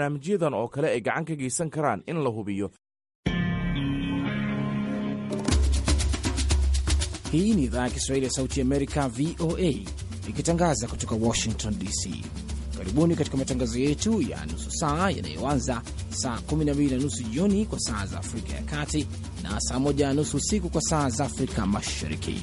barnaamijyadan oo kale ay gacan ka geysan karaan in la hubiyo. Hii ni idhaa ya Kiswahili ya Sauti Amerika, VOA, ikitangaza kutoka Washington DC. Karibuni katika matangazo yetu ya nusu saa yanayoanza saa 12 na nusu jioni kwa saa za Afrika ya Kati na saa 1 na nusu usiku kwa saa za Afrika Mashariki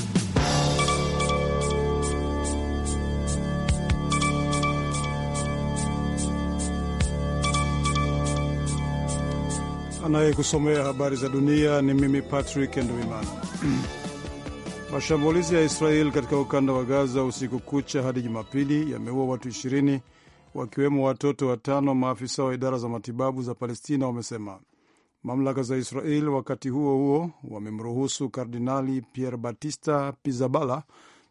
Anayekusomea habari za dunia ni mimi Patrick Ndwimana. Mashambulizi ya israel katika ukanda wa Gaza usiku kucha hadi Jumapili yameua watu 20 wakiwemo watoto watano, maafisa wa idara za matibabu za Palestina wamesema. Mamlaka za israel wakati huo huo wamemruhusu Kardinali Pierre Batista Pizzaballa,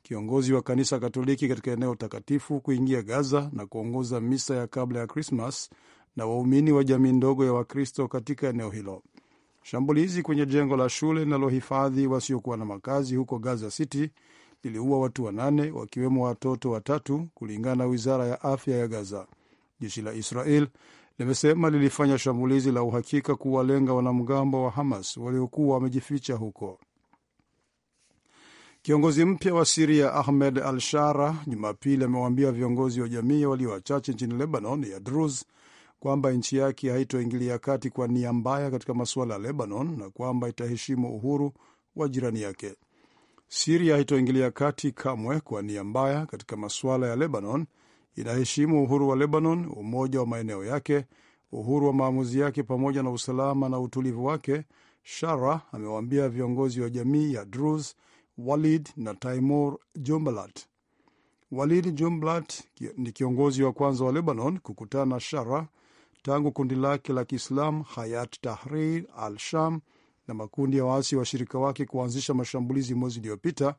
kiongozi wa kanisa Katoliki katika eneo takatifu, kuingia Gaza na kuongoza misa ya kabla ya Krismas na waumini wa jamii ndogo ya Wakristo katika eneo hilo. Shambulizi kwenye jengo la shule linalohifadhi wasiokuwa na makazi huko Gaza City liliua watu wanane wakiwemo watoto watatu, kulingana na wizara ya afya ya Gaza. Jeshi la Israel limesema lilifanya shambulizi la uhakika kuwalenga wanamgambo wa Hamas waliokuwa wamejificha huko. Kiongozi mpya wa Siria Ahmed al Shara Jumapili amewaambia viongozi wa jamii walio wachache nchini Lebanon ya Druz kwamba nchi yake haitoingilia kati kwa nia mbaya katika masuala ya Lebanon na kwamba itaheshimu uhuru wa jirani yake. Siria haitoingilia kati kamwe kwa nia mbaya katika masuala ya Lebanon, inaheshimu uhuru wa Lebanon, umoja wa maeneo yake, uhuru wa maamuzi yake, pamoja na usalama na utulivu wake, Shara amewaambia viongozi wa jamii ya Drus Walid na Taimur Jumblat. Walid Jumblat ni kiongozi wa kwanza wa Lebanon kukutana na Shara tangu kundi lake la Kiislam Hayat Tahrir al-Sham na makundi ya waasi washirika wake kuanzisha mashambulizi mwezi uliopita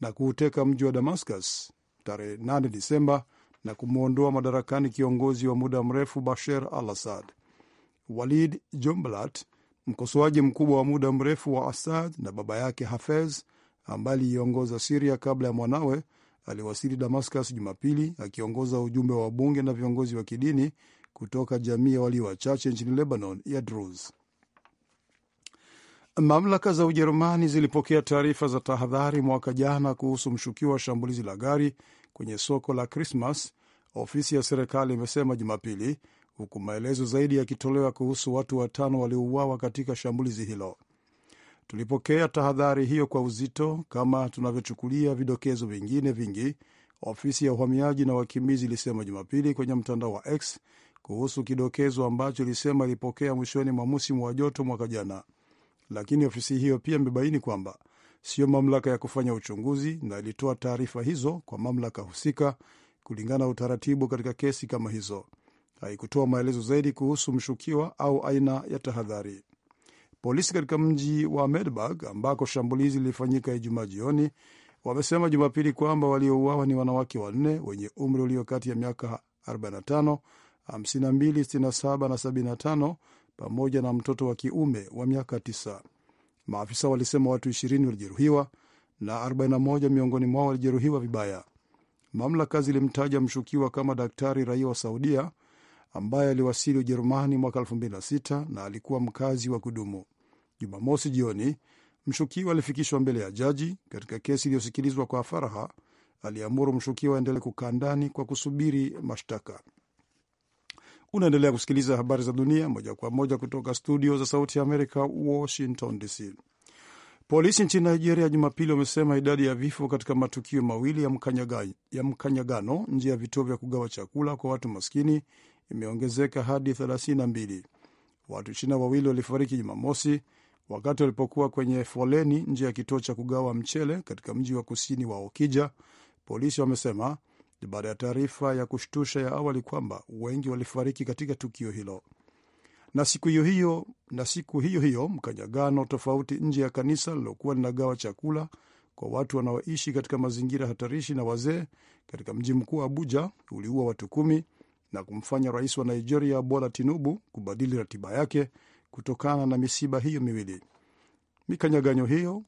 na kuuteka mji wa Damascus tarehe 8 Disemba na kumwondoa madarakani kiongozi wa muda mrefu Bashar al-Assad. Walid jumblat mkosoaji mkubwa wa muda mrefu wa Assad na baba yake Hafez, ambaye aliiongoza Siria kabla ya mwanawe, aliwasili Damascus Jumapili akiongoza ujumbe wa bunge na viongozi wa kidini kutoka jamii ya walio wachache nchini Lebanon ya Druze. Mamlaka za Ujerumani zilipokea taarifa za tahadhari mwaka jana kuhusu mshukiwa wa shambulizi la gari kwenye soko la Krismas, ofisi ya serikali imesema Jumapili, huku maelezo zaidi yakitolewa kuhusu watu watano waliouawa katika shambulizi hilo. Tulipokea tahadhari hiyo kwa uzito kama tunavyochukulia vidokezo vingine vingi, ofisi ya uhamiaji na wakimbizi ilisema Jumapili kwenye mtandao wa X kuhusu kidokezo ambacho ilisema ilipokea mwishoni mwa musimu wa joto mwaka jana, lakini ofisi hiyo pia imebaini kwamba siyo mamlaka ya kufanya uchunguzi na ilitoa taarifa hizo kwa mamlaka husika kulingana na utaratibu katika kesi kama hizo. Haikutoa maelezo zaidi kuhusu mshukiwa au aina ya tahadhari. Polisi katika mji wa Medberg ambako shambulizi lilifanyika Ijumaa jioni wamesema Jumapili kwamba waliouawa ni wanawake wanne wenye umri ulio kati ya miaka 45 52, na 75 pamoja na mtoto wa kiume wa miaka 9. Maafisa walisema watu 20 walijeruhiwa na 41 miongoni mwao walijeruhiwa vibaya. Mamlaka zilimtaja mshukiwa kama daktari raia wa Saudia ambaye aliwasili Ujerumani mwaka 2006 na alikuwa mkazi wa kudumu. Jumamosi jioni mshukiwa alifikishwa mbele ya jaji katika kesi iliyosikilizwa kwa faraha. Aliamuru mshukiwa aendelee kukaa ndani kwa kusubiri mashtaka. Unaendelea kusikiliza habari za dunia moja kwa moja kutoka studio za Sauti ya Amerika, Washington DC. Polisi nchini Nigeria Jumapili wamesema idadi ya vifo katika matukio mawili ya, mkanyaga, ya mkanyagano nje ya vituo vya kugawa chakula kwa watu maskini imeongezeka hadi 32. Watu ishirini na wawili walifariki Jumamosi wakati walipokuwa kwenye foleni nje ya kituo cha kugawa mchele katika mji wa kusini wa Okija, polisi wamesema, ni baada ya taarifa ya kushtusha ya awali kwamba wengi walifariki katika tukio hilo. Na siku hiyo hiyo, na siku hiyo hiyo mkanyagano tofauti nje ya kanisa lilokuwa linagawa chakula kwa watu wanaoishi katika mazingira hatarishi na wazee katika mji mkuu Abuja uliua watu kumi na kumfanya rais wa Nigeria Bola Tinubu kubadili ratiba yake kutokana na misiba hiyo miwili. Mikanyagano hiyo,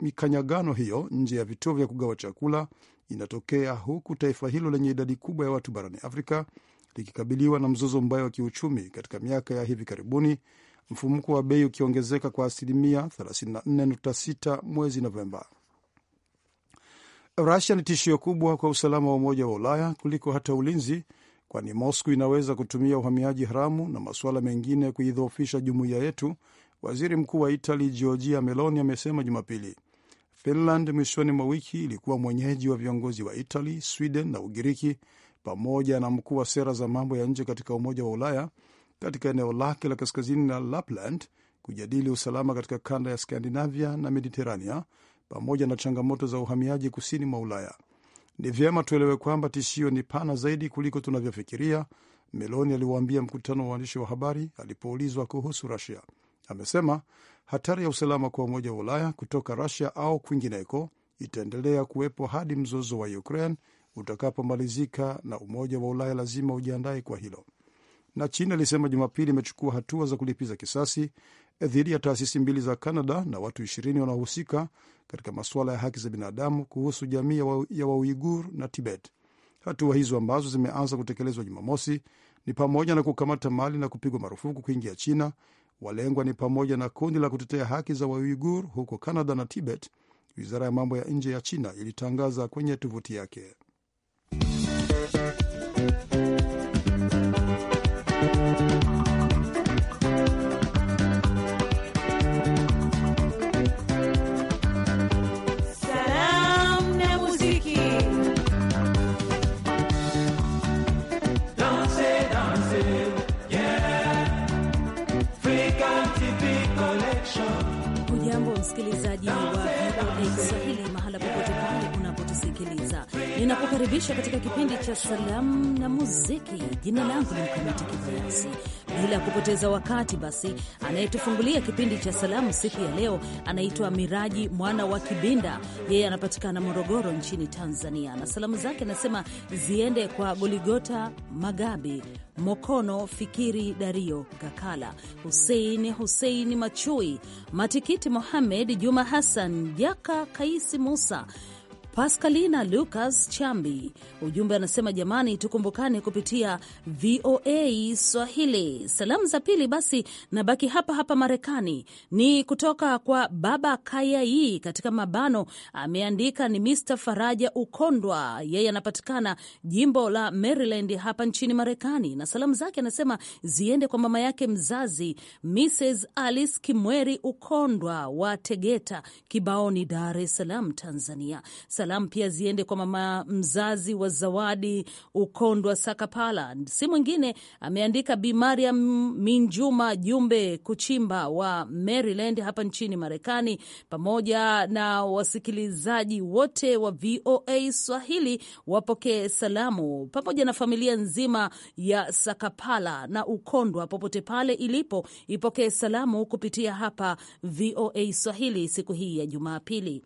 mikanyagano hiyo nje ya vituo vya kugawa chakula inatokea huku taifa hilo lenye idadi kubwa ya watu barani Afrika likikabiliwa na mzozo mbaya wa kiuchumi katika miaka ya hivi karibuni, mfumuko wa bei ukiongezeka kwa asilimia 34.6 mwezi Novemba. Rusia ni tishio kubwa kwa usalama wa Umoja wa Ulaya kuliko hata ulinzi, kwani Moscow inaweza kutumia uhamiaji haramu na masuala mengine kuidhoofisha jumuiya yetu, waziri mkuu wa Itali Giorgia Meloni amesema Jumapili. Finland mwishoni mwa wiki ilikuwa mwenyeji wa viongozi wa Italy, Sweden na Ugiriki pamoja na mkuu wa sera za mambo ya nje katika Umoja wa Ulaya katika eneo lake la kaskazini la Lapland kujadili usalama katika kanda ya Skandinavia na Mediterania pamoja na changamoto za uhamiaji kusini mwa Ulaya. Ni vyema tuelewe kwamba tishio ni pana zaidi kuliko tunavyofikiria, Meloni aliwaambia mkutano wa waandishi wa habari alipoulizwa kuhusu Rusia. Amesema hatari ya usalama kwa Umoja wa Ulaya kutoka Rusia au kwingineko itaendelea kuwepo hadi mzozo wa Ukraine utakapomalizika, na Umoja wa Ulaya lazima ujiandae kwa hilo. Na China ilisema Jumapili imechukua hatua za kulipiza kisasi dhidi ya taasisi mbili za Canada na watu ishirini wanaohusika katika masuala ya haki za binadamu kuhusu jamii ya Wauigur wa na Tibet. Hatua hizo ambazo zimeanza kutekelezwa Jumamosi ni pamoja na kukamata mali na kupigwa marufuku kuingia China Walengwa ni pamoja na kundi la kutetea haki za Wauigur huko Canada na Tibet, wizara ya mambo ya nje ya China ilitangaza kwenye tovuti yake. msikilizaji wa VOA Swahili ninakukaribisha katika kipindi cha salamu na muziki. Jina langu ni Mkamiti Kibayasi. Bila kupoteza wakati, basi anayetufungulia kipindi cha salamu siku ya leo anaitwa Miraji mwana wa Kibinda, yeye anapatikana Morogoro nchini Tanzania, na salamu zake anasema ziende kwa Goligota Magabi Mokono Fikiri Dario Gakala Husein Husein Machui Matikiti Mohamed Juma Hassan Jaka Kaisi Musa Pascalina Lucas Chambi ujumbe anasema, jamani, tukumbukane kupitia VOA Swahili. Salamu za pili basi nabaki hapa hapa Marekani, ni kutoka kwa baba Kayai katika mabano, ameandika ni Mr Faraja Ukondwa, yeye anapatikana jimbo la Maryland hapa nchini Marekani, na salamu zake anasema ziende kwa mama yake mzazi Mrs Alice Kimweri Ukondwa wa Tegeta, Kibaoni, Dar es Salaam, Tanzania. Salamu salamu pia ziende kwa mama mzazi wa Zawadi Ukondwa Sakapala, si mwingine ameandika Bi Mariam Minjuma Jumbe Kuchimba wa Maryland hapa nchini Marekani, pamoja na wasikilizaji wote wa VOA Swahili wapokee salamu, pamoja na familia nzima ya Sakapala na Ukondwa popote pale ilipo ipokee salamu kupitia hapa VOA Swahili siku hii ya Jumapili.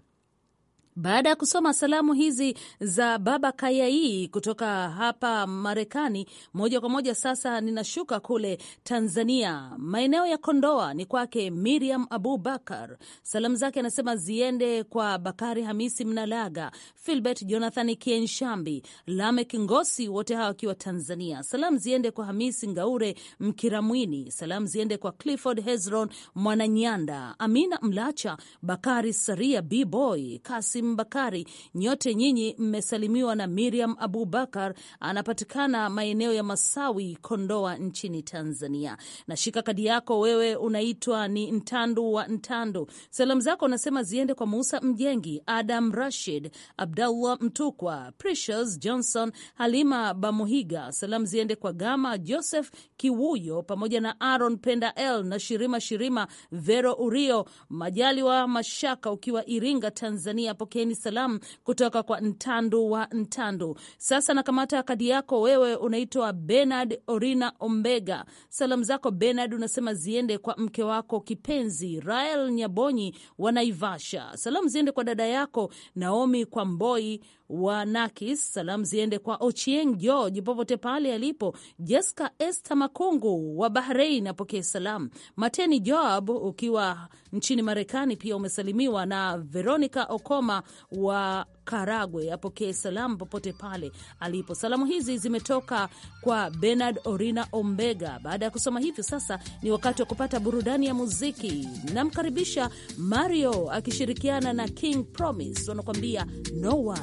Baada ya kusoma salamu hizi za Baba Kayai kutoka hapa Marekani, moja kwa moja sasa ninashuka kule Tanzania, maeneo ya Kondoa. Ni kwake Miriam abu bakar Salamu zake anasema ziende kwa Bakari Hamisi Mnalaga, Filbert Jonathan Kienshambi, Lamek Ngosi, wote hawa wakiwa Tanzania. Salamu ziende kwa Hamisi Ngaure Mkiramwini. Salamu ziende kwa Clifford Hezron Mwananyanda, Amina Mlacha, Bakari Saria, Bboy Kasi Kasim Bakari, nyote nyinyi mmesalimiwa na Miriam abu bakar anapatikana maeneo ya Masawi, Kondoa nchini Tanzania. Nashika kadi yako wewe, unaitwa ni Ntandu wa Ntandu. Salamu zako unasema ziende kwa Musa Mjengi, Adam Rashid, Abdallah Mtukwa, Precious Johnson, Halima Bamuhiga. Salamu ziende kwa Gama Joseph Kiwuyo pamoja na Aaron Penda L na Shirima Shirima, Vero Urio Majaliwa Mashaka, ukiwa Iringa, Tanzania pokeeni salamu kutoka kwa Ntandu wa Ntandu. Sasa nakamata kadi yako wewe, unaitwa Benard Orina Ombega. Salamu zako Benard unasema ziende kwa mke wako kipenzi Rael Nyabonyi wa Naivasha. Salamu ziende kwa dada yako Naomi kwa Mboi wa Nakis. Salamu ziende kwa Ochieng George popote pale alipo. Jeska Esther Makungu wa Bahrein apokee salamu. Mateni Joab ukiwa nchini Marekani pia umesalimiwa na Veronica Okoma wa Karagwe apokee salamu popote pale alipo. Salamu hizi zimetoka kwa Bernard Orina Ombega. Baada ya kusoma hivyo, sasa ni wakati wa kupata burudani ya muziki. Namkaribisha Mario akishirikiana na King Promise, wanakuambia no one.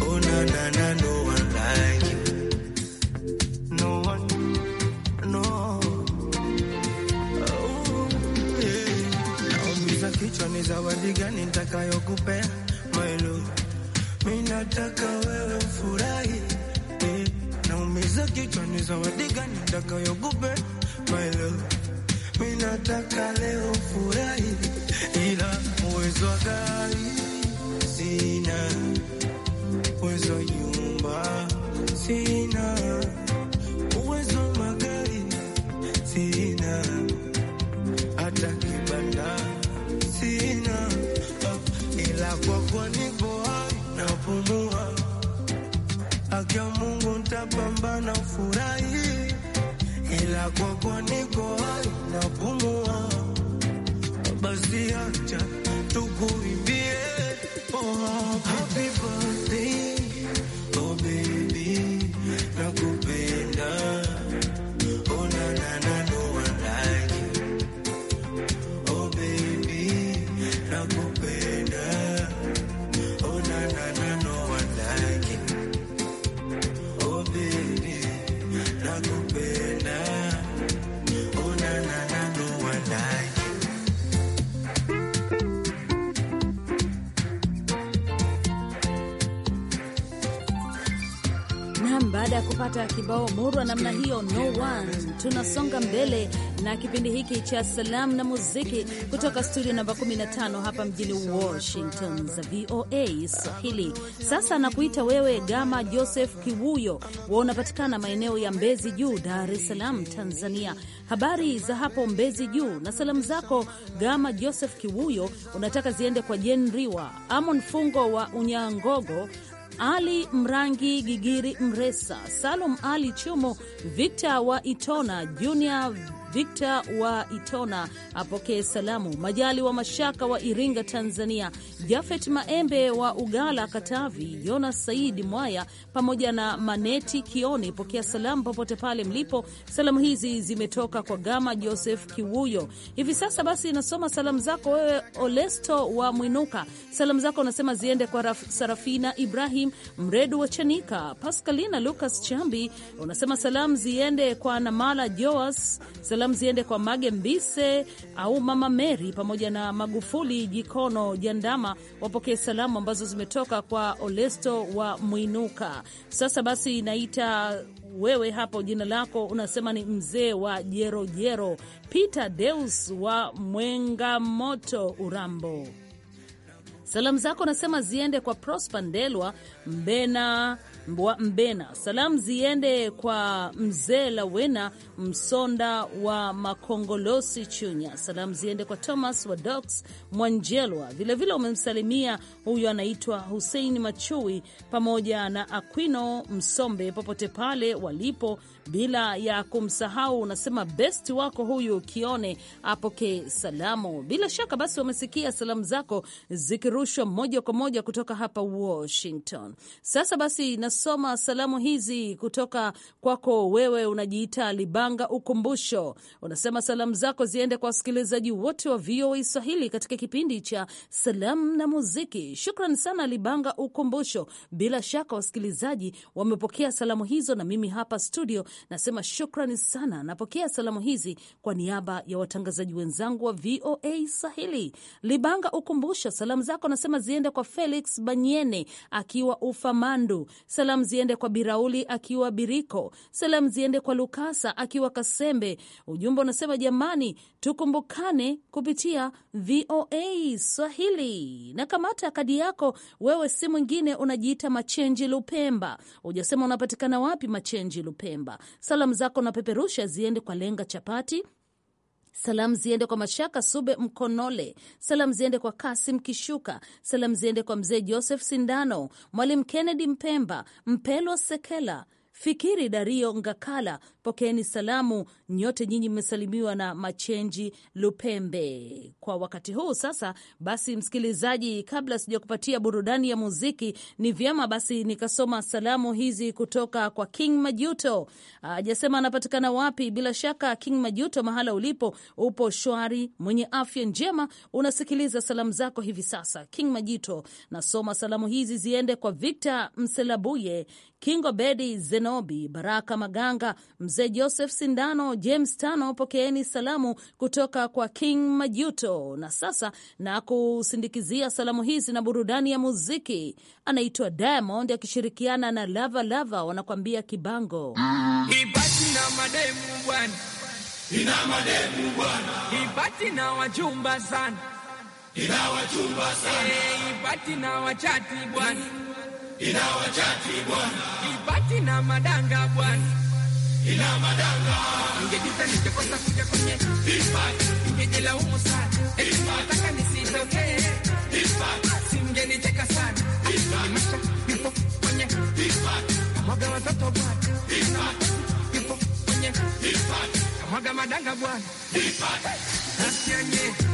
Oh, no one like you. No one, no. Oh, yeah. kichwa, ni zawadi gani nitakayokupea my love, mimi nataka wewe furahi eh, naumiza kichwa ni zawadi gani nitakayokupa my love, nataka leo furahi, ila uwezo wa gari sina, uwezo wa nyumba sina, uwezo kwa nipo hai napumua, haki Mungu ntapambana furahi ila kwa kwa niko hai napumua, basi acha tukuimbie oh, happy birthday kupata kibao murwa namna hiyo no one. Tunasonga mbele na kipindi hiki cha salamu na muziki kutoka studio namba 15 hapa mjini Washington za VOA Swahili. Sasa nakuita wewe Gama Joseph Kiwuyo, wa unapatikana maeneo ya Mbezi Juu, Dar es Salaam, Tanzania. Habari za hapo Mbezi Juu, na salamu zako Gama Joseph Kiwuyo unataka ziende kwa jenriwa Amon Fungo wa Unyangogo, ali Mrangi Gigiri Mresa, Salum Ali Chumo, Victor wa Itona Junior Victor wa Itona apokee salamu, Majali wa Mashaka wa Iringa, Tanzania, Jafet Maembe wa Ugala, Katavi, Jonas Saidi Mwaya pamoja na Maneti Kioni, pokea salamu popote pale mlipo. Salamu hizi zimetoka kwa Gama Joseph Kiwuyo. Hivi sasa basi nasoma salamu zako wewe, Olesto wa Mwinuka. Salamu zako unasema ziende kwa Raf, Sarafina Ibrahim Mredu wa Chanika, Paskalina Lukas Chambi. Unasema salamu ziende kwa Namala Joas. Salamu Salamu ziende kwa Mage Mbise au Mama Meri pamoja na Magufuli Jikono Jandama, wapokee salamu ambazo zimetoka kwa Olesto wa Mwinuka. Sasa basi naita wewe hapo jina lako unasema ni mzee wa Jerojero Peter Deus wa Mwengamoto, Urambo. Salamu zako nasema ziende kwa Prosper Ndelwa Mbena Mbwa Mbena. Salamu ziende kwa mzee Lawena Msonda wa Makongolosi, Chunya. Salamu ziende kwa Thomas wa Dox Mwanjelwa, vilevile umemsalimia huyo anaitwa Huseini Machui pamoja na Aquino Msombe popote pale walipo bila ya kumsahau unasema besti wako huyu Kione apokee salamu. Bila shaka basi wamesikia salamu zako zikirushwa moja kwa moja kutoka hapa Washington. Sasa basi nasoma salamu hizi kutoka kwako wewe, unajiita Libanga Ukumbusho. Unasema salamu zako ziende kwa wasikilizaji wote wa VOA Swahili katika kipindi cha salamu na muziki. Shukran sana Libanga Ukumbusho, bila shaka wasikilizaji wamepokea salamu hizo, na mimi hapa studio Nasema shukrani sana, napokea salamu hizi kwa niaba ya watangazaji wenzangu wa VOA Swahili. Libanga ukumbusha salamu zako, nasema ziende kwa Felix Banyene akiwa Ufamandu, salamu ziende kwa Birauli akiwa Biriko, salamu ziende kwa Lukasa akiwa Kasembe. Ujumbe unasema jamani, tukumbukane kupitia VOA Swahili. Na kamata kadi yako wewe, si mwingine unajiita Machenji Lupemba. Ujasema unapatikana wapi Machenji Lupemba? Salamu zako na peperusha ziende kwa Lenga Chapati. Salamu ziende kwa Mashaka Sube Mkonole. Salamu ziende kwa Kasim Kishuka. Salamu ziende kwa mzee Joseph Sindano, Mwalimu Kennedy Mpemba, mpelwa Sekela Fikiri Dario Ngakala, pokeeni salamu nyote nyinyi, mmesalimiwa na Machenji Lupembe kwa wakati huu. Sasa basi, msikilizaji, kabla sijakupatia burudani ya muziki, ni vyema basi nikasoma salamu hizi kutoka kwa King Majuto. ajasema anapatikana wapi. Bila shaka, King Majuto, mahala ulipo, upo shwari, mwenye afya njema, unasikiliza salamu zako hivi sasa. King Majuto, nasoma salamu hizi ziende kwa Victor Mselabuye, Kingo Bedi, Zenobi Baraka, Maganga, Mzee Joseph Sindano, James Tano, pokeeni salamu kutoka kwa King Majuto. Na sasa na kusindikizia salamu hizi na burudani ya muziki, anaitwa Diamond akishirikiana na Lava Lava, wanakuambia kibango ibati na mademu bwana, ina mademu bwana, ibati na sana, ina sana, eh, ibati na wachati bwana inawajati bwana ibaki na madanga bwana ina madanga ningejita ningekosa kuja kwenye ningejelaumu sana nataka nisitokee singenicheka sana maisha ipo kwenye kamwaga watoto bwana ipo kwenye kamwaga madanga bwana nasianye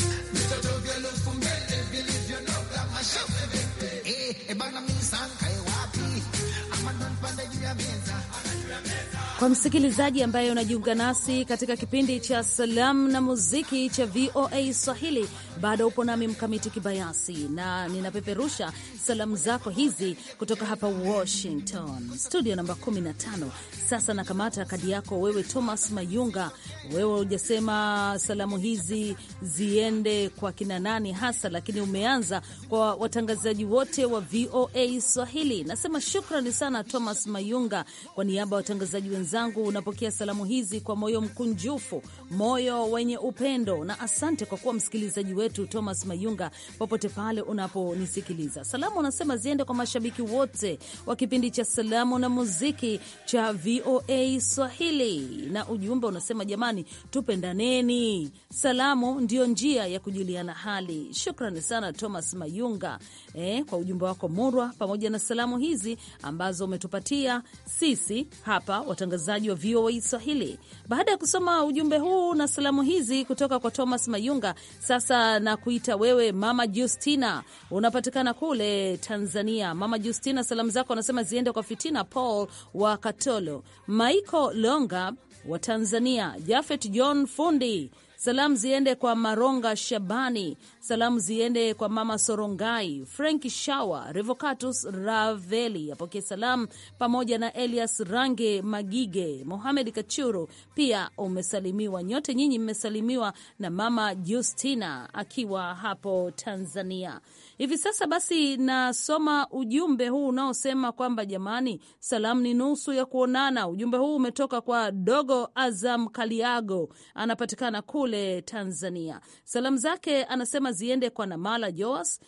Kwa msikilizaji ambaye unajiunga nasi katika kipindi cha salamu na muziki cha VOA Swahili, bado upo nami Mkamiti Kibayasi na ninapeperusha salamu zako hizi kutoka hapa Washington studio namba 15. Sasa nakamata kadi yako wewe, Thomas Mayunga. Wewe hujasema salamu hizi ziende kwa kina nani hasa, lakini umeanza kwa watangazaji wote wa VOA Swahili. Nasema shukrani sana Thomas Mayunga kwa niaba ya watangazaji wenzangu mwenzangu, unapokea salamu hizi kwa moyo mkunjufu, moyo wenye upendo, na asante kwa kuwa msikilizaji wetu Thomas Mayunga, popote pale unaponisikiliza. Salamu unasema ziende kwa mashabiki wote wa kipindi cha salamu na muziki cha VOA Swahili, na ujumbe unasema jamani, tupendaneni. Salamu ndiyo njia ya kujuliana hali. Shukrani sana Thomas Mayunga eh, kwa ujumbe wako murwa pamoja na salamu hizi ambazo umetupatia sisi hapa watangazaji msikilizaji wa VOA Swahili. Baada ya kusoma ujumbe huu na salamu hizi kutoka kwa Thomas Mayunga, sasa na kuita wewe Mama Justina, unapatikana kule Tanzania. Mama Justina, salamu zako anasema ziende kwa Fitina Paul wa Katolo, Maiko Longa wa Tanzania, Jafet John Fundi Salamu ziende kwa Maronga Shabani, salamu ziende kwa Mama Sorongai, Frank Shawa, Revocatus Raveli apokee salamu, pamoja na Elias Range Magige, Mohamed Kachuru pia umesalimiwa. Nyote nyinyi mmesalimiwa na Mama Justina akiwa hapo Tanzania hivi sasa. Basi nasoma ujumbe huu unaosema kwamba jamani, salamu ni nusu ya kuonana. Ujumbe huu umetoka kwa Dogo Azam Kaliago, anapatikana kule Tanzania. Salamu zake anasema ziende kwa Namala Joas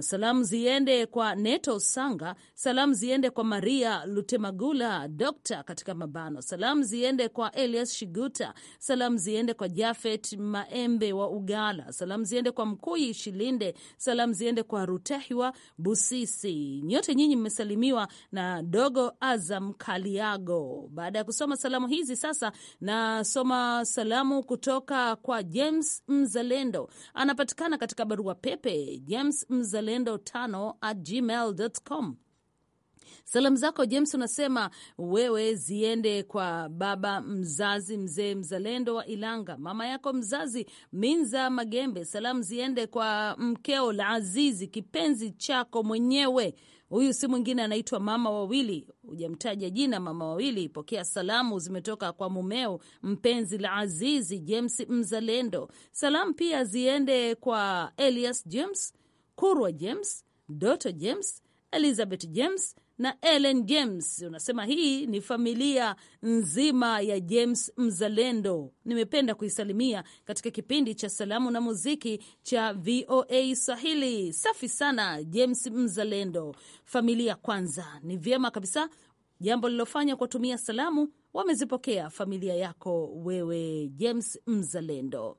Salamu ziende kwa Neto Sanga, salamu ziende kwa Maria Lutemagula Dokta katika mabano, salamu ziende kwa Elias Shiguta, salamu ziende kwa Jafet Maembe wa Ugala, salamu ziende kwa Mkuyi Shilinde, salamu ziende kwa Rutehwa Busisi. Nyote nyinyi mmesalimiwa na Dogo Azam Kaliago. Baada ya kusoma salamu hizi, sasa nasoma salamu kutoka kwa James Mzalendo, anapatikana katika barua pepe James Mzalendo wazalendo tano at gmail.com. Salamu zako James unasema wewe ziende kwa baba mzazi mzee mzalendo wa Ilanga, mama yako mzazi Minza Magembe. Salamu ziende kwa mkeo la azizi, kipenzi chako mwenyewe. Huyu si mwingine anaitwa mama wawili, hujamtaja jina. Mama wawili, pokea salamu zimetoka kwa mumeo mpenzi la azizi James mzalendo. Salamu pia ziende kwa Elias James Kurwa James, Doto James, Elizabeth James na Ellen James. Unasema hii ni familia nzima ya James Mzalendo. Nimependa kuisalimia katika kipindi cha salamu na muziki cha VOA Swahili. Safi sana James Mzalendo, familia kwanza. Ni vyema kabisa jambo lilofanya kuwatumia tumia salamu wamezipokea familia yako wewe James Mzalendo.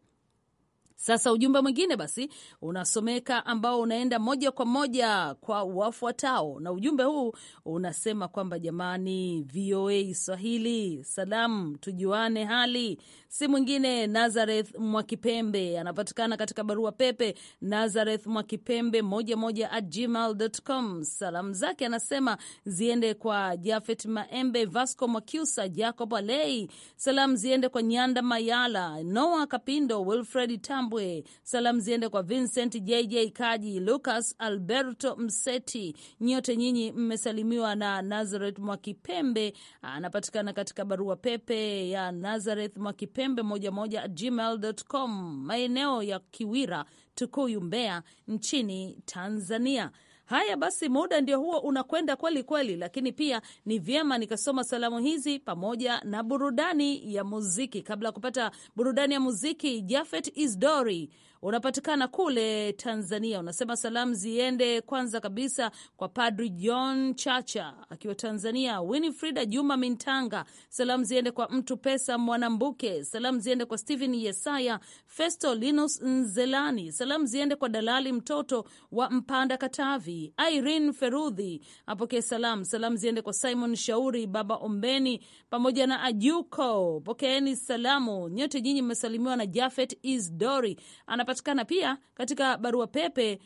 Sasa ujumbe mwingine basi unasomeka ambao unaenda moja kwa moja kwa wafuatao, na ujumbe huu unasema kwamba jamani, VOA Swahili salamu, tujuane hali. Si mwingine Nazareth Mwakipembe, anapatikana katika barua pepe Nazareth Mwakipembe moja moja at gmail.com. Salamu zake anasema ziende kwa Jafet Maembe, Vasco Mwakiusa, Jacob Alei. Salamu ziende kwa Nyanda Mayala, Noa Kapindo, Wilfred Tam Tambwe. Salamu ziende kwa Vincent JJ Kaji, Lucas Alberto Mseti, nyote nyinyi mmesalimiwa na Nazareth Mwakipembe. Ah, anapatikana katika barua pepe ya Nazareth Mwakipembe moja moja gmail.com, maeneo ya Kiwira, Tukuyu, Mbeya nchini Tanzania. Haya basi, muda ndio huo unakwenda kweli kweli, lakini pia ni vyema nikasoma salamu hizi pamoja na burudani ya muziki. Kabla ya kupata burudani ya muziki, Jafet Isdori unapatikana kule Tanzania. Unasema salamu ziende kwanza kabisa kwa Padri John Chacha akiwa Tanzania, Winifrida Juma Mintanga. Salamu ziende kwa mtu pesa Mwanambuke. Salamu ziende kwa Stephen Yesaya, Festo Linus Nzelani. Salamu ziende kwa dalali mtoto wa Mpanda Katavi, Irene Ferudhi apokee salamu. Salamu ziende kwa Simon Shauri, Baba Ombeni pamoja na Ajuko, pokeeni salamu nyote. Nyinyi mmesalimiwa na Jafet Isdori anapa Tunapatikana pia katika barua pepe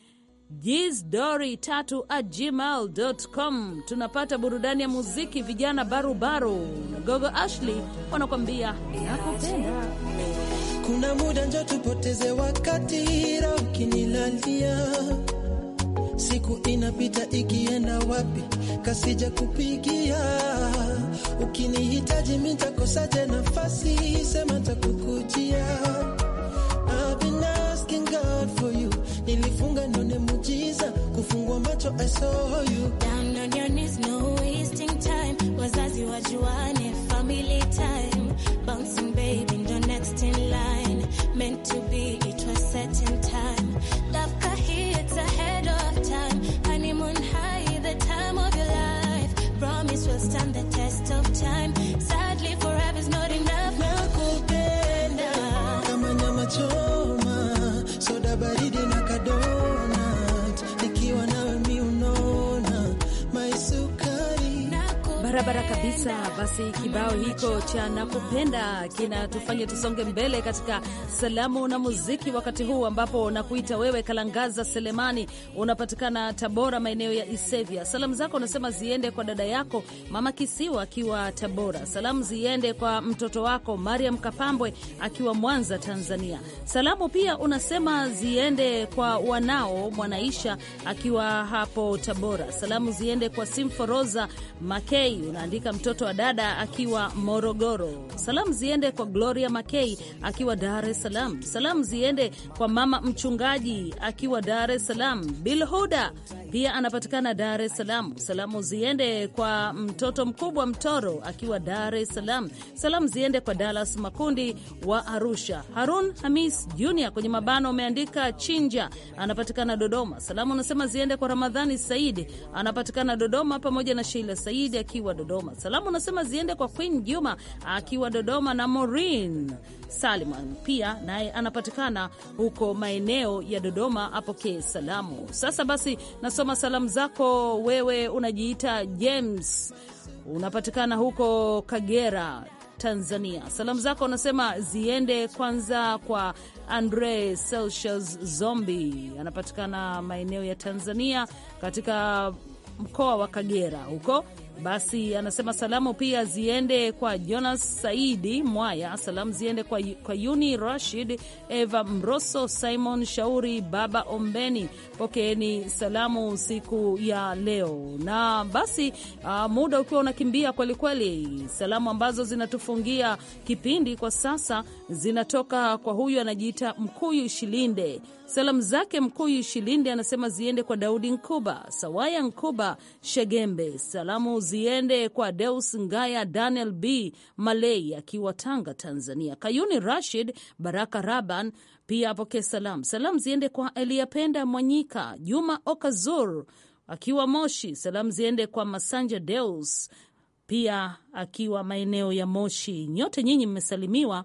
jizdori tatu at gmail.com. Tunapata burudani ya muziki, vijana barubaru na Gogo Ashley wanakwambia nakupenda. Kuna muda njo tupoteze wakati, roho ukinilalia, siku inapita ikienda wapi, kasija kupigia, ukinihitaji mitakosaje nafasi, sema takukujia nilifunga nione mujiza, kufungua macho I saw you down on your knees, no wasting time. Wazazi wajuane, family time, bouncing baby ndo next in line, meant to be, it was certain time. kabisa. Basi kibao hiko cha nakupenda kinatufanya tusonge mbele katika salamu na muziki wakati huu ambapo nakuita wewe Kalangaza Selemani, unapatikana Tabora, maeneo ya Isevya. Salamu zako unasema ziende kwa dada yako mama Kisiwa akiwa Tabora. Salamu ziende kwa mtoto wako Mariam Kapambwe akiwa Mwanza, Tanzania. Salamu pia unasema ziende kwa wanao Mwanaisha akiwa hapo Tabora. Salamu ziende kwa Simforoza Makei, unaandika mtoto wa dada akiwa Morogoro. Salamu ziende kwa Gloria Makei akiwa Dar es Salaam. Salamu ziende kwa mama mchungaji akiwa Dar es Salaam. Huda pia anapatikana Dar es Salaam. Salamu ziende kwa mtoto mkubwa Mtoro akiwa Dar es Salaam. Salamu ziende kwa Dallas Makundi wa Arusha. Harun Hamis Junior kwenye mabano umeandika Chinja anapatikana Dodoma. Salamu unasema ziende kwa Ramadhani Saidi anapatikana Dodoma, pamoja na Sheila Saidi akiwa Dodoma. Salamu anasema ziende kwa Queen Juma akiwa Dodoma na Maureen Salman pia naye anapatikana huko maeneo ya Dodoma, apokee salamu. Sasa basi, nasoma salamu zako. Wewe unajiita James, unapatikana huko Kagera, Tanzania. Salamu zako unasema ziende kwanza kwa Andre Celsius Zombi, anapatikana maeneo ya Tanzania katika mkoa wa Kagera huko basi anasema salamu pia ziende kwa Jonas Saidi Mwaya, salamu ziende kwa, kwa Yuni Rashid, Eva Mroso, Simon Shauri, Baba Ombeni, pokeeni salamu siku ya leo. Na basi uh, muda ukiwa unakimbia kwelikweli, salamu ambazo zinatufungia kipindi kwa sasa zinatoka kwa huyu anajiita Mkuyu Shilinde. Salamu zake Mkuyu Shilinde anasema ziende kwa Daudi Nkuba, Sawaya Nkuba Shegembe, salamu ziende kwa Deus Ngaya, Daniel B Malei akiwa Tanga, Tanzania, Kayuni Rashid, Baraka Raban pia apokee salamu. Salamu ziende kwa Eliyapenda Mwanyika, Juma Okazur akiwa Moshi. Salamu ziende kwa Masanja Deus pia akiwa maeneo ya Moshi. Nyote nyinyi mmesalimiwa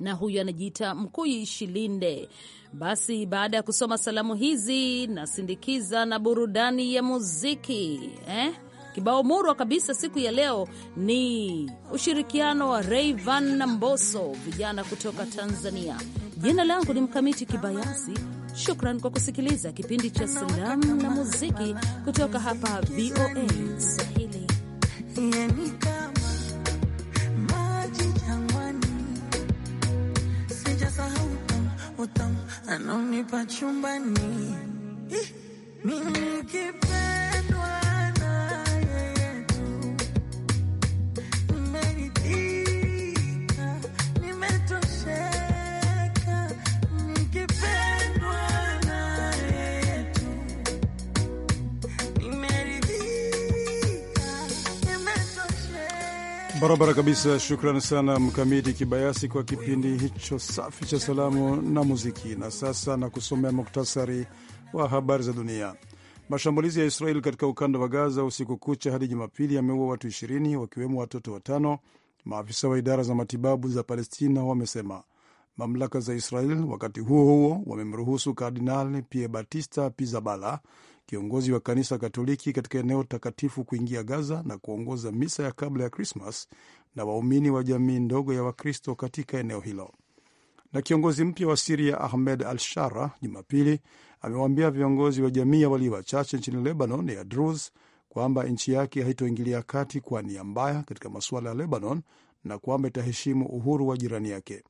na huyu anajiita Mkuyi Shilinde. Basi baada ya kusoma salamu hizi, nasindikiza na burudani ya muziki eh? Kibao murwa kabisa siku ya leo ni ushirikiano wa Rayvan na mboso vijana kutoka Tanzania. Jina langu ni Mkamiti Kibayasi. Shukran kwa kusikiliza kipindi cha Salamu na Muziki kutoka hapa VOA Swahili. chumbani mimi Barabara kabisa. Shukrani sana Mkamiti Kibayasi kwa kipindi hicho safi cha salamu na muziki. Na sasa na kusomea muktasari wa habari za dunia. Mashambulizi ya Israeli katika ukanda wa Gaza usiku kucha hadi Jumapili yameua watu ishirini wakiwemo watoto watano, maafisa wa idara za matibabu za Palestina wamesema. Mamlaka za Israel wakati huo huo wamemruhusu Kardinal Pierre Batista pizabala kiongozi wa kanisa Katoliki katika eneo takatifu kuingia Gaza na kuongoza misa ya kabla ya Krismas na waumini wa jamii ndogo ya Wakristo katika eneo hilo. Na kiongozi mpya wa Siria Ahmed Al Shara Jumapili amewaambia viongozi wa jamii ya walio wachache nchini Lebanon ya Druze kwamba nchi yake haitoingilia kati kwa nia mbaya katika masuala ya Lebanon na kwamba itaheshimu uhuru wa jirani yake.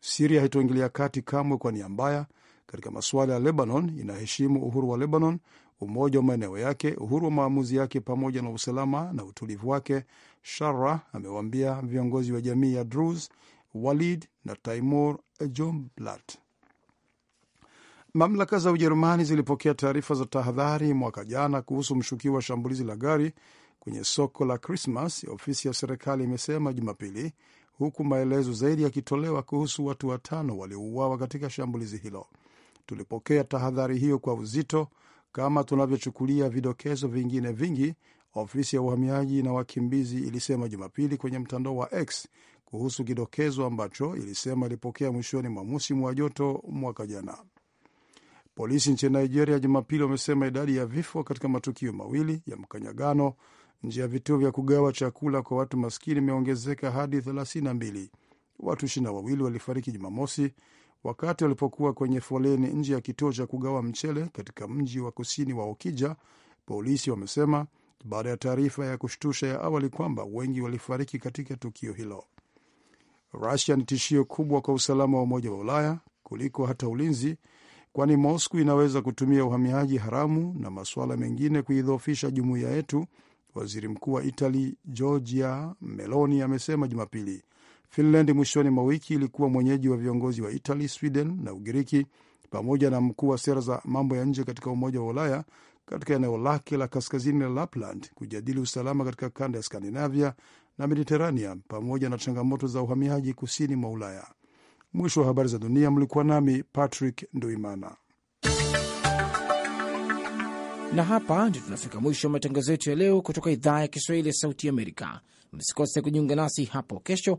Siria haitoingilia kati kamwe kwa nia mbaya katika masuala ya Lebanon, inaheshimu uhuru wa Lebanon umoja wa maeneo yake, uhuru wa maamuzi yake, pamoja na usalama na utulivu wake, shara amewaambia viongozi wa jamii ya Druze, Walid na Taimur Jumblat. Mamlaka za Ujerumani zilipokea taarifa za tahadhari mwaka jana kuhusu mshukiwa wa shambulizi la gari kwenye soko la Krismas, ofisi ya serikali imesema Jumapili, huku maelezo zaidi yakitolewa kuhusu watu watano waliouawa katika shambulizi hilo. Tulipokea tahadhari hiyo kwa uzito, kama tunavyochukulia vidokezo vingine vingi, ofisi ya uhamiaji na wakimbizi ilisema Jumapili kwenye mtandao wa X kuhusu kidokezo ambacho ilisema ilipokea mwishoni mwa musimu wa joto mwaka jana. Polisi nchini Nigeria Jumapili wamesema idadi ya vifo katika matukio mawili ya mkanyagano nje ya vituo vya kugawa chakula kwa watu maskini imeongezeka hadi 32. Watu ishirini na wawili walifariki Jumamosi wakati walipokuwa kwenye foleni nje ya kituo cha kugawa mchele katika mji wa kusini wa Okija. Polisi wamesema baada ya taarifa ya kushtusha ya awali kwamba wengi walifariki katika tukio hilo. Rusia ni tishio kubwa kwa usalama wa Umoja wa Ulaya kuliko hata ulinzi, kwani Moscow inaweza kutumia uhamiaji haramu na masuala mengine kuidhoofisha jumuiya yetu. Waziri Mkuu wa Itali Giorgia Meloni amesema Jumapili Finland mwishoni mwa wiki ilikuwa mwenyeji wa viongozi wa Italy, Sweden na Ugiriki pamoja na mkuu wa sera za mambo ya nje katika Umoja wa Ulaya katika eneo lake la kaskazini la Lapland kujadili usalama katika kanda ya Skandinavia na Mediterania pamoja na changamoto za uhamiaji kusini mwa Ulaya. Mwisho wa habari za dunia. Mlikuwa nami Patrick Nduimana, na hapa ndio tunafika mwisho wa matangazo yetu ya leo kutoka idhaa ya Kiswahili ya Sauti Amerika. Msikose kujiunga nasi hapo kesho